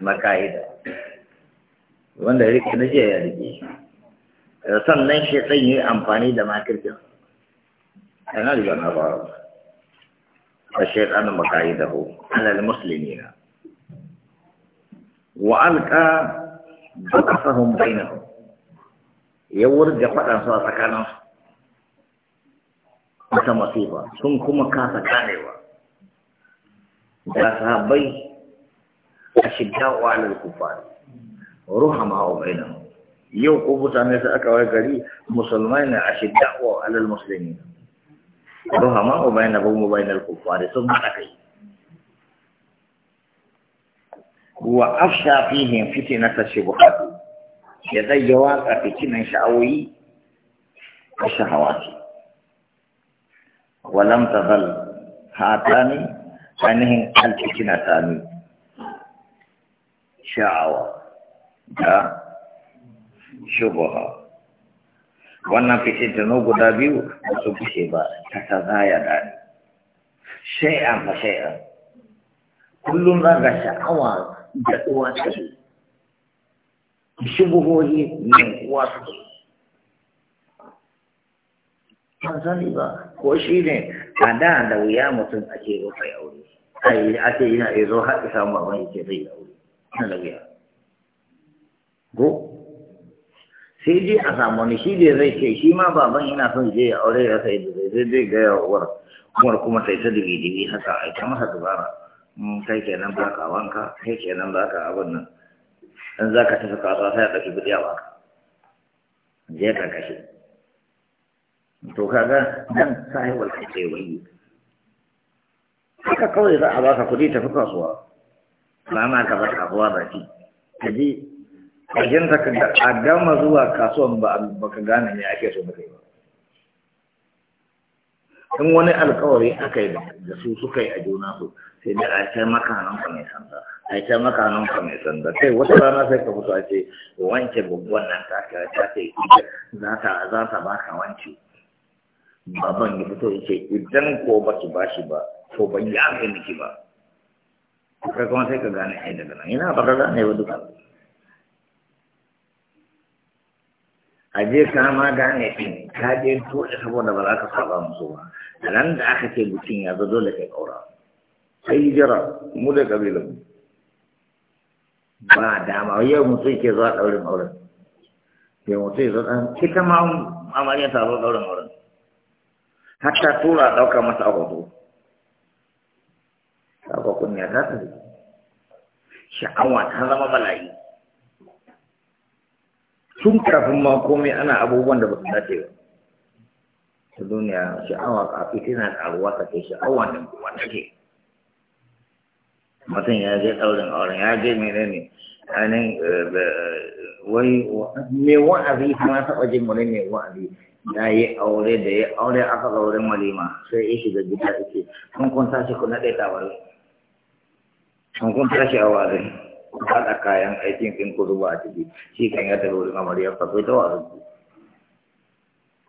na ka'ida wanda ya rike na jiya ya rike sannan shi ɗan yi amfani da makirkin yana riga na ba a shaiɗanin makayi da hu alal musulmi na wa alƙa ba bai na ku. ya wurga faɗansu a tsakaninsu wata masifa sun kuma kasa karewa da sahabbai أشداء على الكفار رحمة بينهم يوقف سامي سأك ويقري مسلمين أشداء على المسلمين رحمة بينهم وبين الكفار ثم تكي وأفشى فيهم فتنة الشبهات يدي جواب فتنة شعوي الشهوات ولم تظل هاتاني فانهن الفتنة ثانيه sha'awa da shubaha wannan fitintanu guda biyu da su fushe ba ta ta zaya daɗi shai'an fa shai'an kullum za ga sha'awa da uwa ta su shubuhohi ne uwa su ban sani ba ko shi ne a da da wuya mutum ake rufe aure a ce yana iya zo haɗi samun abin yake zai aure na da wuya go sai dai a samu wani shi dai zai ce shi ma baban ina son je ya aure ya sai da zai zai ga yawar umar kuma sai ta dubi dubi haka a ita masa dubara mm, kai kenan ba ka wanka kai kenan ba ka abin nan in za ka tafi kasuwa sai a ɗauki kuɗi a baka je ka kashe to kaga nan sai wal kai wai haka kawai za a baka kuɗi tafi kasuwa rana ka ba kasuwa ba shi ka ji ka a gama zuwa kasuwan ba ka gane me ake so muka yi ba in wani alkawari aka yi da su suka yi a juna su sai da a ce maka ka mai sanda a ce maka ka mai sanda kai wata rana sai ka fito a ce wance babban nan ta ka ta ce za ta za ta baka wance baban ya fito ya ce idan ko ba ki bashi ba to ban yi miki ba ka kuma sai ka gane ai daga ina ba ka gane ba duka a je ka ma gane ka je to saboda ba za ka saba musu ba ran da aka ce mutum ya dole dama yau ke zuwa ɗaurin auren ya ta zo ɗaurin auren tura ɗauka masa a hoto kunya za ta zai sha'awa ta zama bala'i tun kafin ma komai ana abubuwan da ba su dace ba ta duniya sha'awa fiti na karuwa ta ce sha'awa ne kuma take mutum ya je ɗaurin auren ya je mene ne ainihin eh, wai me wa'azi na taɓa jin wani me wa'azi ya yi aure da ya aure aka zauren walima sai ya shiga gida ake kun kun tashi ku naɗe tawarin an kun tashi a wazin haɗa kayan aikin ɗin kudu ba a ciki shi kan ya tafi wurin amarya ka ta wazin ku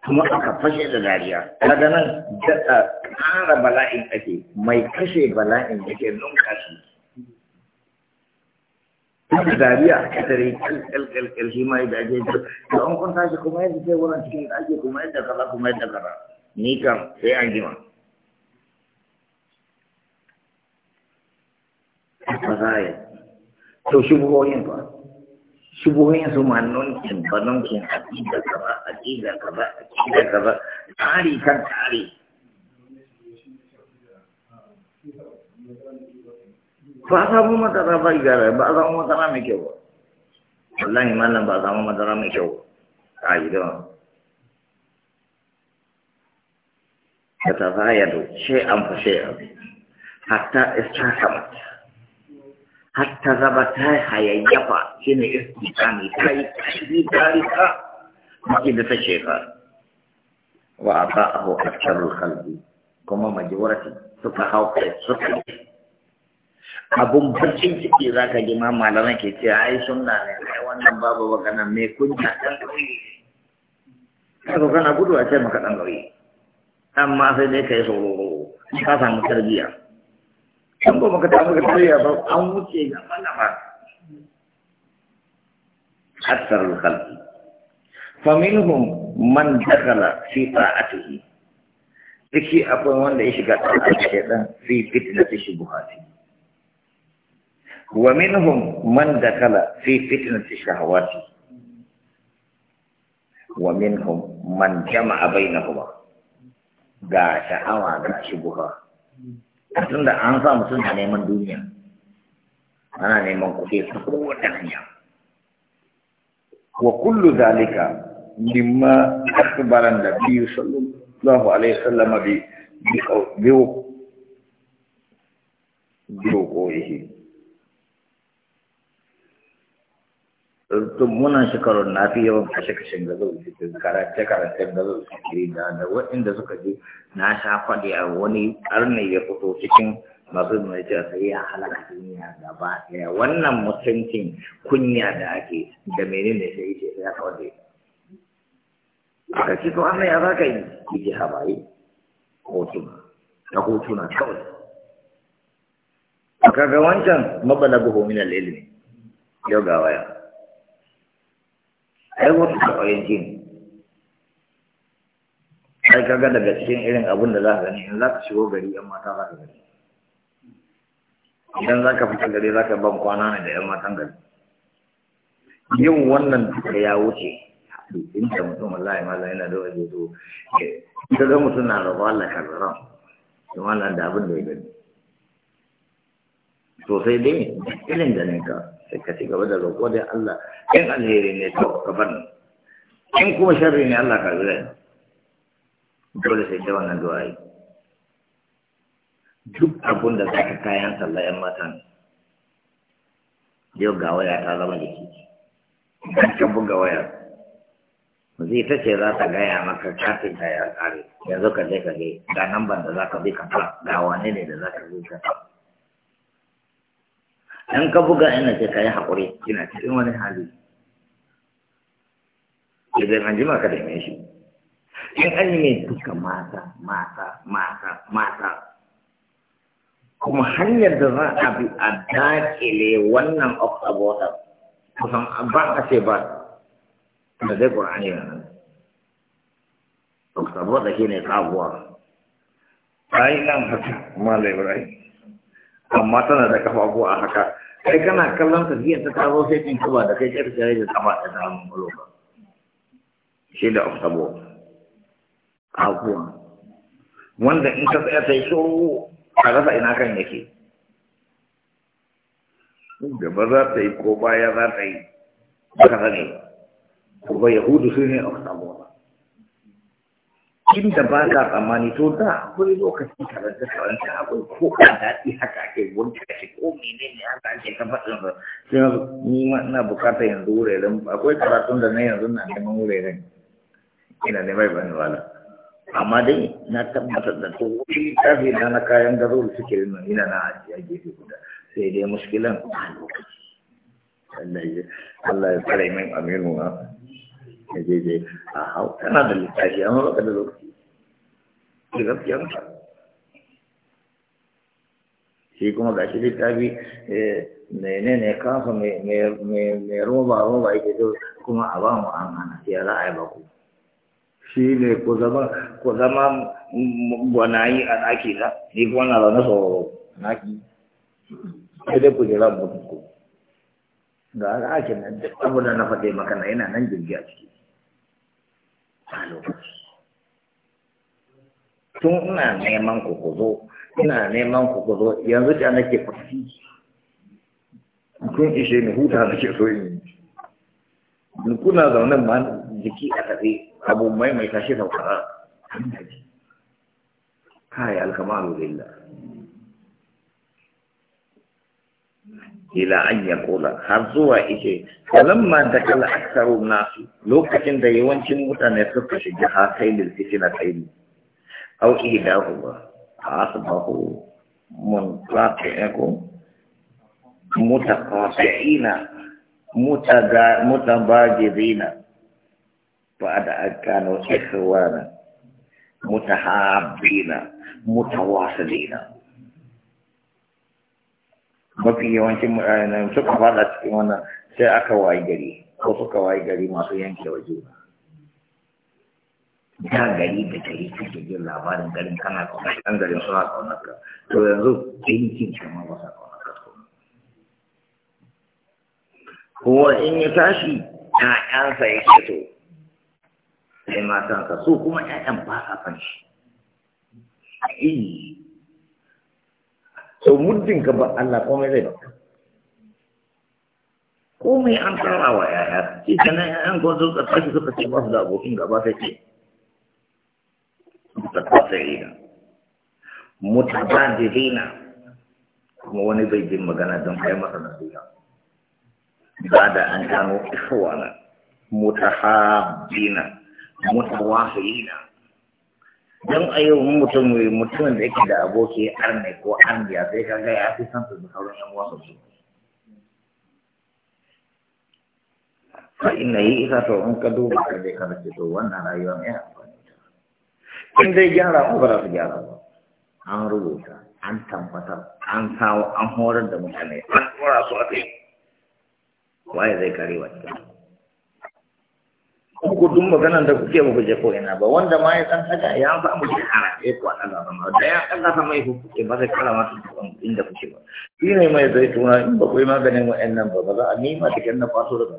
kuma aka fashe da dariya daga nan daɗa ƙara bala'in ake mai kashe bala'in yake nunka shi duk dariya ka tare kalkalkalkal shi ma da ake to an kun tashi kuma yadda ke wurin cikin ɗaki kuma yadda kaza kuma yadda kaza ni kam sai an jima fasaya to shubuhoyin ba shubuhoyin su ma nonkin ba nonkin aƙida kaza aƙida kaza aƙida kaza tsari kan tsari ba a samu madara ba gyara ba samu madara mai kyau ba wallahi malam ba samu madara mai kyau a gidan تتغاير شيئا فشيئا حتى استحكمت Hatta zaba ta hayayyafa shi ne istikami ta yi ƙarfi ta rika maki da ta ka wa a ba a hukar kalbi kuma majority suka hauka suka yi abun barcin ciki za ka ji ma malaman ke ce a yi sunna ne ai wannan babu magana mai kunya ɗan ƙauye kaga kana gudu a ce maka ɗan ƙauye amma sai dai ka yi sauraro ka samu tarbiyya an ba maka tafi tarayya ba an wuce gaba gaba hatsar khalqi faminhum man dakala fi ta'atihi Diki akwai wanda ya shiga ta'ati shaytan fi fitnati shubuhati wa minhum man dakala fi fitnati shahawati wa minhum man jama'a bainahuma ga sha'awa ga shubuha tunda an sa mutum na neman duniya ana neman kuɗi ta kowace hanya wa kullu zalika mimma akbara nabiyyu sallallahu alaihi wasallam bi bi qawlihi bi qawlihi tun muna shekarun na fi yawan kashe-kashen gazo karace-karacen gazo suke da da waɗanda suka je na sha faɗi a wani ƙarni ya fito cikin masu mai cewa sai ya halaka duniya gaba ɗaya wannan mutuncin kunya da ake da ne sai ce ya kawai aka ce to an ya za ka yi ki hawaye hotuna ta hotuna kawai kaga wancan mabalagu hominal ilimi yau ga waya ai wasu ƙwayoyin ne ai kaga daga cikin irin abin da za ka gani in za ka shigo gari yan mata za ka gani idan za ka fita gari za ka ban kwana ne da yan matan gari yin wannan duka ya wuce da mutum wallahi zai na da wajen to ita da mutum na rabu Allah karbaran to wannan da abin da ya gani sosai dai irin ganin ka sai ka ci gaba da roƙo dai Allah in alheri ne to ka bar in kuma sharri ne Allah ka zai dole sai da wannan yi duk abun da zaka kayan sallah yan matan yau ga waya ta zama jiki dan ka buga waya zai ta ce za ta gaya maka kafin ta ya kare yanzu ka je ka je ga nan ban da za ka bi ka ga wane ne da za ka bi ka in ka buga ina ce ka yi haƙuri ina cikin wani hali idan an jima ka dame shi in an yi mai suka mata mata mata mata kuma hanyar da za a bi a daƙile wannan oxabotan kusan ba a ce ba da dai ƙur'ani na nan oxabotan shi ne kaguwa bayan nan haka malai ibrahim amma tana da kafa ko a haka kai kana kallon tafiyan ta taro sai kin kuma da kai ƙarfi da kafa ta samun lokaci shi da abu abuwa wanda in ka tsaya sai so a rasa ina kan yake gaba za ta yi ko baya za ta yi ba ka sani ko ba yahudu su ne a abu inda ba ka tsammani to da akwai lokaci karanta karanta akwai ko a daɗi haka ake wanke ka shi ko mene ne haka ake ta faɗin ba sai yanzu ni ma ina bukatar yanzu wuraren akwai karatun da na yanzu na neman wuraren ina mai bani wala amma dai na tabbatar da to shi tafi da na kayan garo da suke yin ina na ajiya gefe guda sai dai muskilan a lokaci Allah ya tsare min aminu na ka je je a hau tana da littafi amma da lokaci Kuma gaskiya shi kuma ga shi littafi eh, mene ne kafa mai roba roba kuma a ba mu an hana ya a ne ko zama ko gwanayi a ɗaki na ni kuma na zaune sauraro naki sai dai ku jira mutum ku ga ɗakin nan duk abu da na faɗe na yana nan jirgi a ciki a tun ina neman ku ku zo ina neman ku ku zo yanzu da nake kwafi kun ishe ni huta nake so in yi kuna zaunan ma jiki a tafi abu mai mai tashi saukara kai alkamalu lillah ila an ya kula har zuwa ishe falamma da kala aksaru nasu lokacin da yawancin mutane suka shiga hakai lil fitina tsayi au idahu ba asbahu munqati'akum mutaqati'ina mutaga mutabajirina ba'da akanu ikhwana mutahabbina mutawasilina mafi yawancin mutane suka fada cikin wannan sai aka wayi gari ko suka wayi gari masu yanke wa juna da gari da gari cikin jin labarin garin kana kaunar ɗan garin suna kaunarka to yanzu yankin kamar ba sa kaunarka ka kuma in ya tashi ƴaƴansa ya ce to sai matansa su kuma ƴaƴan ba sa san shi to muddin ka ba Allah komai zai baka komai an fara wa yaya shi kenan an ko ka tashi suka ce ba da abokin gaba ta ce mutatasirina mutabadirina kuma wani bai jin magana don kai masa nasiha ba da an gano ikhwana mutahabina mutawahilina don a yi mutum mutumin da yake da aboki arne ko arniya sai ka ga ya fi san su da sauran yan wasu su fa inna yi isa to in ka duba ka dai kana ce to wannan rayuwa mai amfani ta in dai gyara ko ba su gyara ba an rubuta an tabbatar an kawo an horar da mutane an tsora su a kai waye zai kare cikin ku duk maganan da kuke ba kuje ko ina ba wanda ma ya san daga ya ba mu ji ara eh ku Allah da da ya kan da mai ke ba zai kala mata inda kuke ba shi ne mai zai tuna in ba ku yi maganin wa'annan ba ba za a nima da kyan faso da ba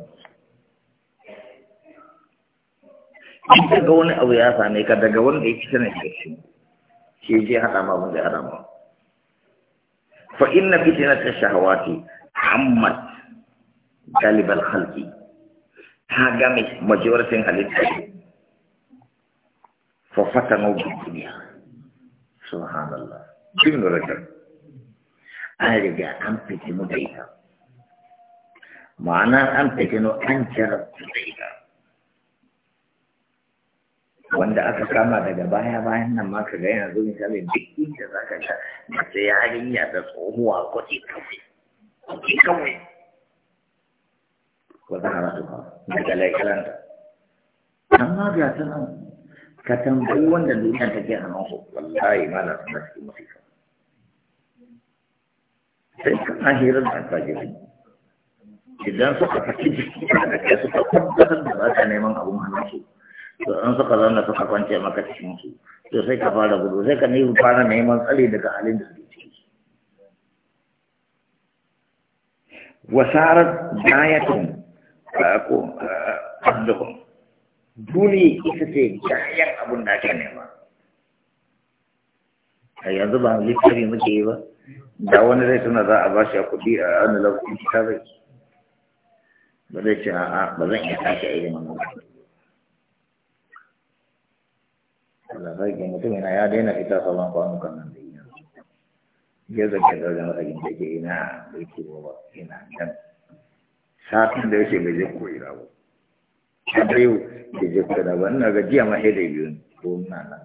in daga wani abu ya same ka daga wanda ya fita na shi shi je hada ma mun da hada ma fa inna fitnatash shahawati hammat galibal khalqi ta game majorcin halitta fa fatanu bi subhanallah bin rajab an riga an fitinu da ita ma'ana an fitinu an jarabtu da wanda aka kama daga baya bayan nan ma kaga yana zo misali duk inda zaka sha mace yarinya da tsohuwa kwace kawai kwace kawai وظهرتها مثل كلام أما جاتنا كتنبي وند الدنيا a أنا والله ما لا تمسك مسيحة تلك أهير الفاجرين idan suka saki jiki da ke suka tabbatar da za neman abun hannunsu to an suka zanna suka kwance maka cikin su to sai ka fara gudu sai ka nemi fara neman tsari daga halin da suke ciki wasarar dayatun ko ah, abduhum duni ita ce gayan abun da ake nema a yanzu ba littafi muke yi ba da wani zai tuna za a bashi a kuɗi a wani lokacin kita ba zai ce a'a ba zan iya tashi a irin wannan Allah zai ga mutum yana ya daina fita sauran kwanukan nan da yi yanzu ina bai nan satin da yake bai je koyira ba a da yau bai je koyira ba ina ga jiya ma sai da biyu ko na nan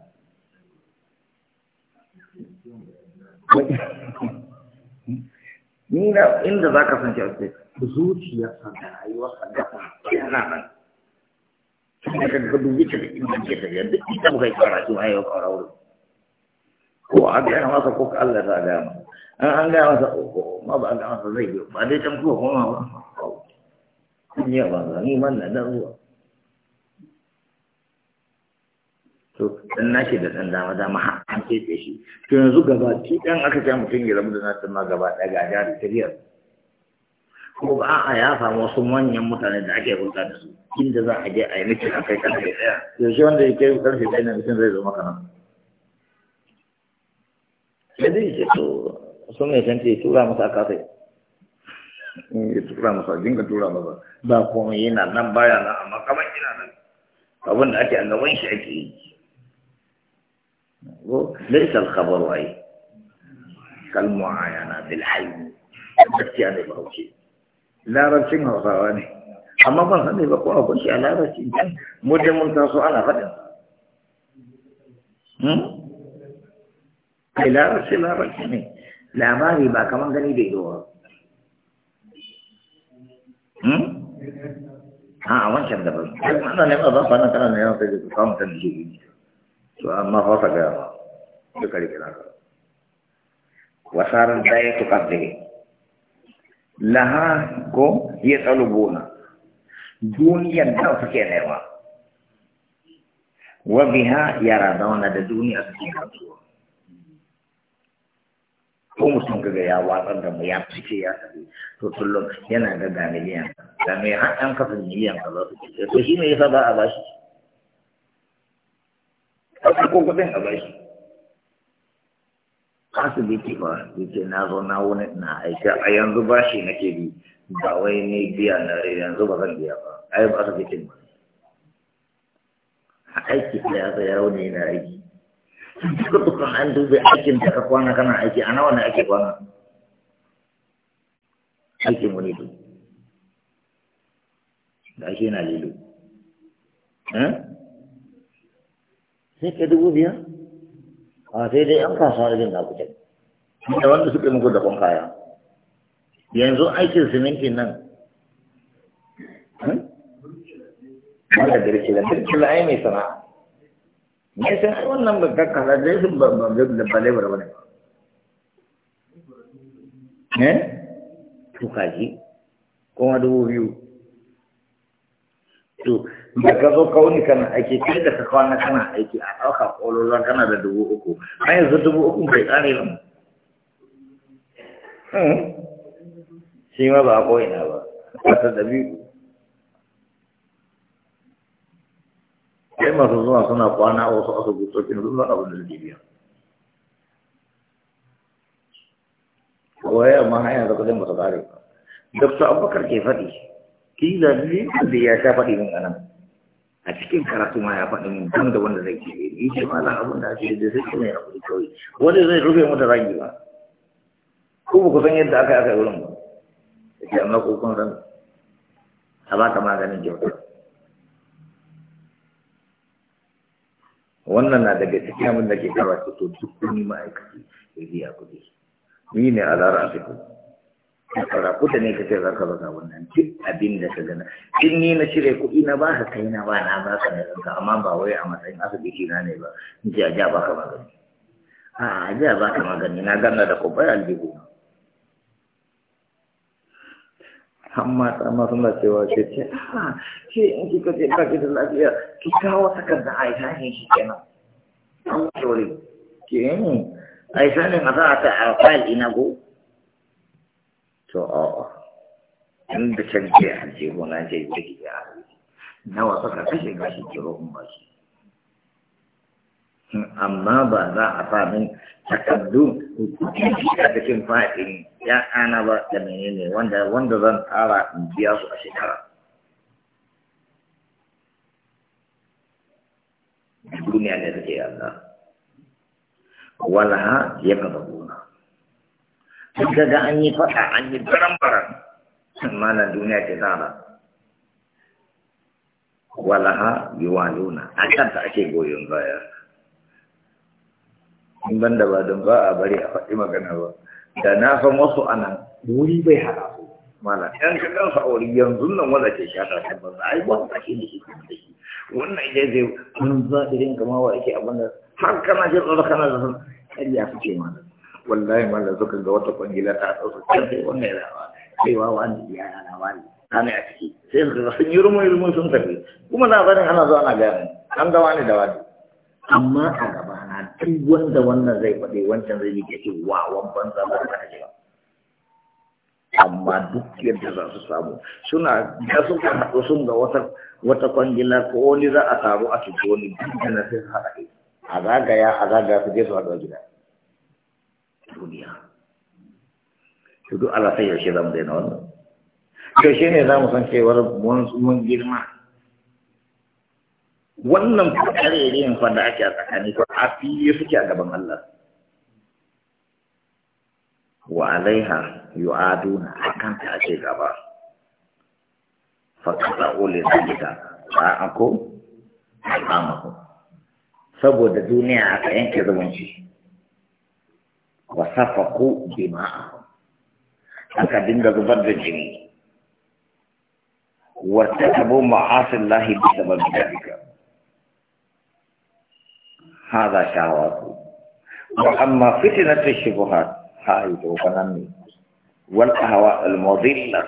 ni inda za ka san shi a ce zuciyarsa da rayuwarsa da yana nan da ka ga dubi ta da ke ta yadda ita muka yi karatu a yau kawar wurin ko a gaya masa ko ka Allah ta gaya masa an an gaya masa ko ma ba a gaya masa zai biyo ba dai can ko ma ba kun yi wa ni man na dan ruwa to dan nake da dan dama dama har an ce shi to yanzu gaba ki dan aka ja mutum ya rabu da na ma gaba ɗaya ga da tariyar ko ba a ya samu wasu manyan mutane da ake hulɗa da su inda za a je a yi miki a kai karfe ɗaya yaushe wanda ya kai karfe ɗaya na mutum zai zo maka nan sai dai ce to sun mai ce tura masa kafai in ya tura masa dinga tura masa ba komai yana nan baya nan amma kamar yana nan abin da ake a shi ake yi ko laisa al-khabaru ai kal mu'ayana bil hayy gaskiya ne ba wuce larabcin hausawa ne amma ban sani ba ko a shi a larabcin can mu da mun taso ana faɗin hmm? kai larabci larabci ne labari ba kamar gani bai ido ba a wancan da ba ana neman zan fana tana neman sai da su samu ta da shi amma fasa gaya ba duka rike na ka wasarar daya su laha ko ya tsalubuna duniyan da suke nema wa biha yara da da duniya suke kasuwa ko mutum kaga ya watsar da mu ya fice ya tafi to kullum yana da ga da mai har an kafa miliyan ka za su ce to shi ne yasa ba a bashi a ko kuɗin a bashi asibiti ba yake na zo na wani na aiki a yanzu bashi nake bi ba wai ne biya na yanzu ba zan biya ba ai ba biki ba a aiki ta ya tsaye rauni na aiki duka dukkan an dube aikin da ka kwana kana aiki a nawa ne ake kwana aikin wani duk da shi na lilo eh? sai ka dubu biyar a sai dai an kasuwa irin na kuce da wanda suke muku da kwan kaya yanzu aikin siminti nan hmm? wanda girki da girki la'ai mai sana'a ne sai nan wannan ba ka kala dai su ba ba da ba lebura ba ne eh to kaji ma dubu biyu to da ka zo kauni kana aiki kai da ka kwana kana aiki a ɗauka ƙololon kana da dubu uku a yanzu dubu uku bai ƙare ba hmm? shi ma ba a ko'ina ba wata ɗabi'u sai masu zuwa suna kwana wasu asibitocin cin zuwa abin da zai biya kawai amma hanyar da kudin masu kare ba dokta abubakar ke faɗi kila ne da ya sha faɗi min anan a cikin karatu ma ya faɗi min kan da wanda zai ke yi ce ma lan abin da ake da zai kuma ya kuɗi kawai wanda zai rufe mata rangi ba ko ba ku san yadda aka yi aka yi wurin ba ya ce amma ko kun san a ba ka maganin kyauta wannan na daga cikin abin da ke kawo to duk wani ma'aikaci ya biya kuɗi ni ne a lara su ku kara kuɗa ne ka ce za ka baka wannan duk abin da ka gana in ni na cire kuɗi na ba ka kai na ba na ba ka na ka amma ba wai a matsayin asibiti na ne ba in ce a ja ba ka magani a ja ba ka magani na gana da kuɓar aljihu na hamma ta suna cewa ce ce ha ce in kika ce ba ki da lafiya ki kawo takarda a yi tashin shi kenan an tsori ke ne a yi sanin a za a ta a fayil ina go to a inda can ke a ce gona ce ya ke ya nawa suka kashe gashi ke rohun ba shi amma ba za a famin takardu a cikin fa'in ya ana ba da menene wanda wanda zan tara in biya su a shekara duniya ne take Allah walaha ya ka gona duk daga an yi faɗa an yi baran baran amma na duniya ke tara walaha yi waluna a kanta ake goyon baya in ban da ba don ba a bari a faɗi magana ba da na san wasu a nan wuri bai haɗa su mala ɗan ka kansa a yanzu nan wanda ke shata ta ba za a yi wani tsaki da shi wannan idan zai wani za da yin kama wa ake abin da har kana jin tsoro kana da san ƙarya suke mana wallahi mala kan ga wata kwangila ta tsoro kan sai wannan ya rawa sai wa wani ya rawa ne ana a ciki sai sun yi rumun rumun sun tafi kuma labarin ana zuwa ana gani an gawa ne da wani amma a gaba na duk wanda wannan zai faɗi wancan zai yi ce wa wabban zama da kaje ba amma duk yadda za su samu suna da sun haɗu sun ga wata wata kwangila ko wani za a taru a cikin wani duk na sai haɗe a zagaya a zagaya su je su haɗa gida duniya su duk Allah sai yaushe zamu daina wannan yaushe ne zamu san cewar mun girma wannan karerayen fa da ake a tsakani fa a fili suke a gaban Allah wa alaiha yu'aduna akan ta ake gaba fa ole na gida ba ako ko. saboda duniya aka yanke zumunci wa safaku dima'a aka dinga zubar da jini abu ma'asin lahi bisa babu dalika هذا شهوات وأما فتنة الشبهات حائد وبنمي والأهواء المضلة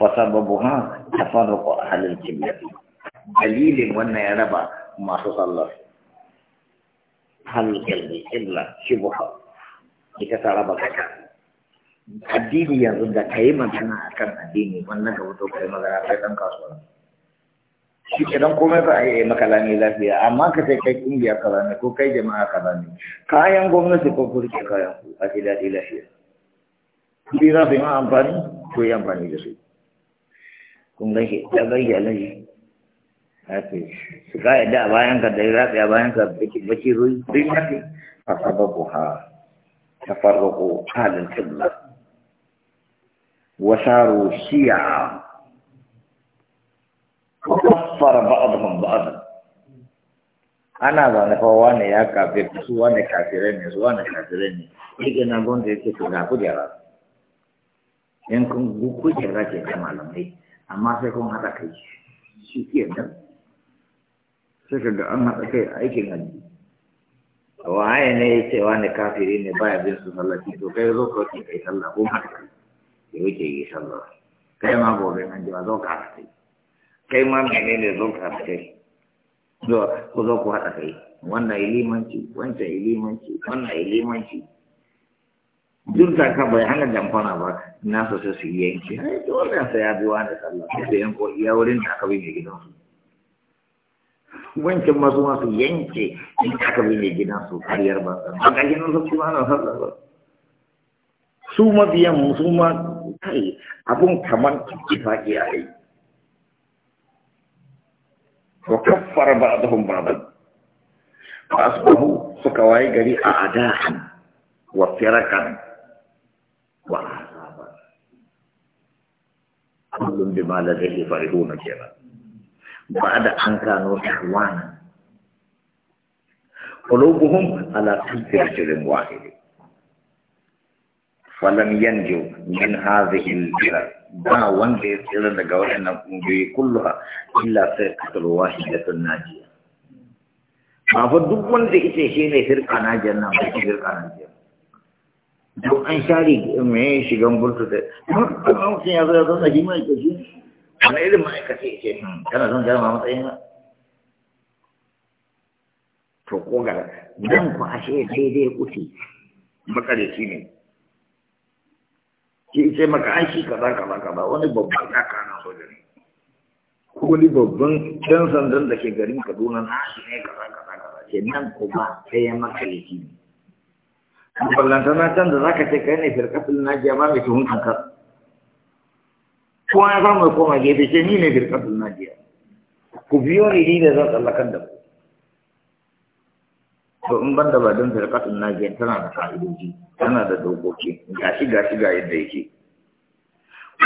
فسببها تفرق أهل الجنة دليل وأن يربى ما تصلى هل القلب إلا شبهة لكثر بكك الدين يرد كيما تنا أكن الدين وأنك وتو كيما ذرا فيتن shi ke don komai ba a yi lafiya amma ka sai kai kungiya kaza ne ko kai jama'a kaza ne kayan gwamnati ko ku rike kayan ku a ce daɗi lafiya kuɗi za su yi ma amfani ko yi amfani da su kun gan shi ya gan shi alaji ake su ka yadda a bayan ka da ratsi a bayan ka baki ruwi duk mafi a sababu ha tafarraƙo halin kibla wasaru shi'a kafara ba'dhum ba'd ana ne kowa ne ya kafe su wane kafire ne su wane kafire ne yake nan gonda yake to ga kujera in kun kujera ke kai malamai amma sai kun hada kai shi ke nan sai ka ga an haɗa kai aikin hajji waye ne ya ce wani kafire ne baya bin su sallaci to kai zo ka wace kai sallah ko haɗa kai ya wuce yi sallah kai ma gobe nan ji ba zo ka kai kai ma menene zo ka kai zo ku zo ku haɗa kai wannan ilimanci wancan ilimanci wannan ilimanci duk da ka bai hana jamfana ba na so sai su yanki ai to wannan sai ya bi da sallah sai su yanko iya wurin da aka bi mai su. wancan ma su yanke in aka bi mai su, kariyar ba ba ga gidan su ma ana sallah ba su ma mu su ma kai abun kamar kifaki a kai وكفر بعضهم بعضا فأصبحوا سكواي غري أعداء وفرقا وأحزابا كل بما لديه فرحون كذا بعد أن كانوا إخوانا قلوبهم على كل رجل واحد ولم ينجو من هذه البلاد ما وندي إلى دعوة أن كلها إلا فرقة الواحدة الناجية ما فدوك وندي شيني فرقة ناجية نعم فرقة ناجية دو أنشاري ميشي شجعم بولت ده ما أنا ممكن هذا هذا نجيم أي كذي أنا إذا ما كذي شيء أنا زمان جالس ما متأيه فوقوغا كوغا نعم كأشي ده ده كذي بكرة Ki ce maka an shi kaza kaza kaza wani babban kaka na gari ne wani babban dan sandan da ke garin kaduna na shi ne kaza kaza kaza ce nan ko ba sai ya maka yaki. ne ta na can da za ka ce kai ne firkafin najiya ba mai tuhun kanka ko ya samu mai koma gefe ce ni ne firkatul najiya ku biyo ni ni ne zan tsallakan da ku to in banda ba don firkatun najiyar tana da ka'idoji tana da dokoki ga shi ga shi ga yadda yake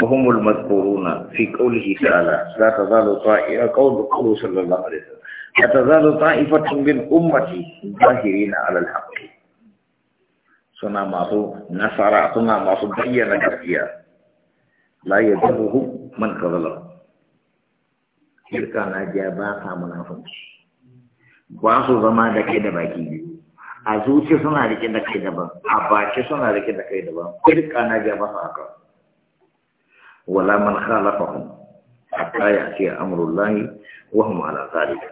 muhimmul mazkuruna fi qawlihi ta'ala la tazalu ta'ifa qawlu qawlu sallallahu alaihi wasallam la tazalu ta'ifatun min ummati zahirina 'ala al-haqq suna masu nasara suna masu bayyana gaskiya la yadurruhu man kadhalahu kirka najiya ba ka munafiki ba su zama da kai da baki biyu a zuci suna rike da kai daban a baki suna rike da kai daban duk ana ja ba haka wala man khalafahum hatta ya'ti amrullahi wa hum ala zalika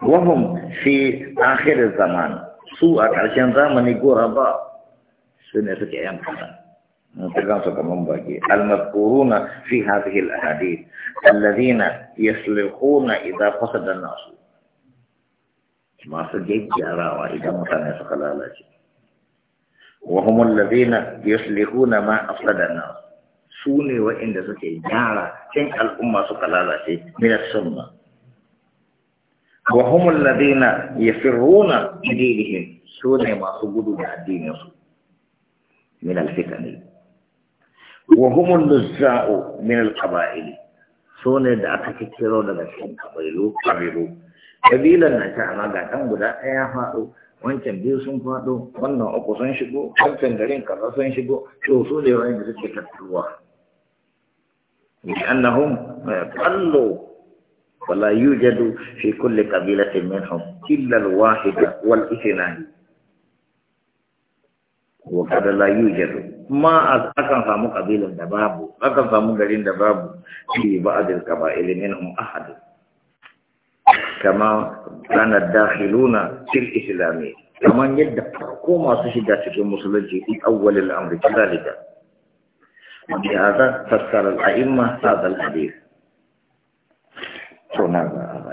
wa hum fi akhir zaman su a ƙarshen zamani gora ba su ne suke yan fata نتكلم كمان باقي المذكورون في هذه الأحاديث الذين يصلحون إذا فسد الناس masu gyaggyarawa idan mutane suka lalace wa humul ladina yuslihuna ma afsadana su ne wa'inda suke gyara cin al'umma suka lalace min sunna wa humul ladina yafirruna dinihim su ne masu gudu da addinin su min al-fitani wa humul luzza'u min su ne da aka kiro daga cikin kabilu kabilu kabilan na ta amma ga ɗan guda ɗaya faɗo wancan biyu sun faɗo wannan uku sun shigo wancan garin kaza sun shigo to su ne wanda suke tattuwa لأنهم قلوا ولا يوجد في كل قبيلة منهم إلا الواحدة والاثنان وقد لا يوجد ما أكن فامو قبيلة دبابو أكن ba a دبابو في بعض القبائل منهم أحد كما كان الداخلون في الإسلام كما يدفع كما تشد في المسلمين في أول الأمر كذلك وبهذا فسر الأئمة هذا الحديث そうなんだ、あの、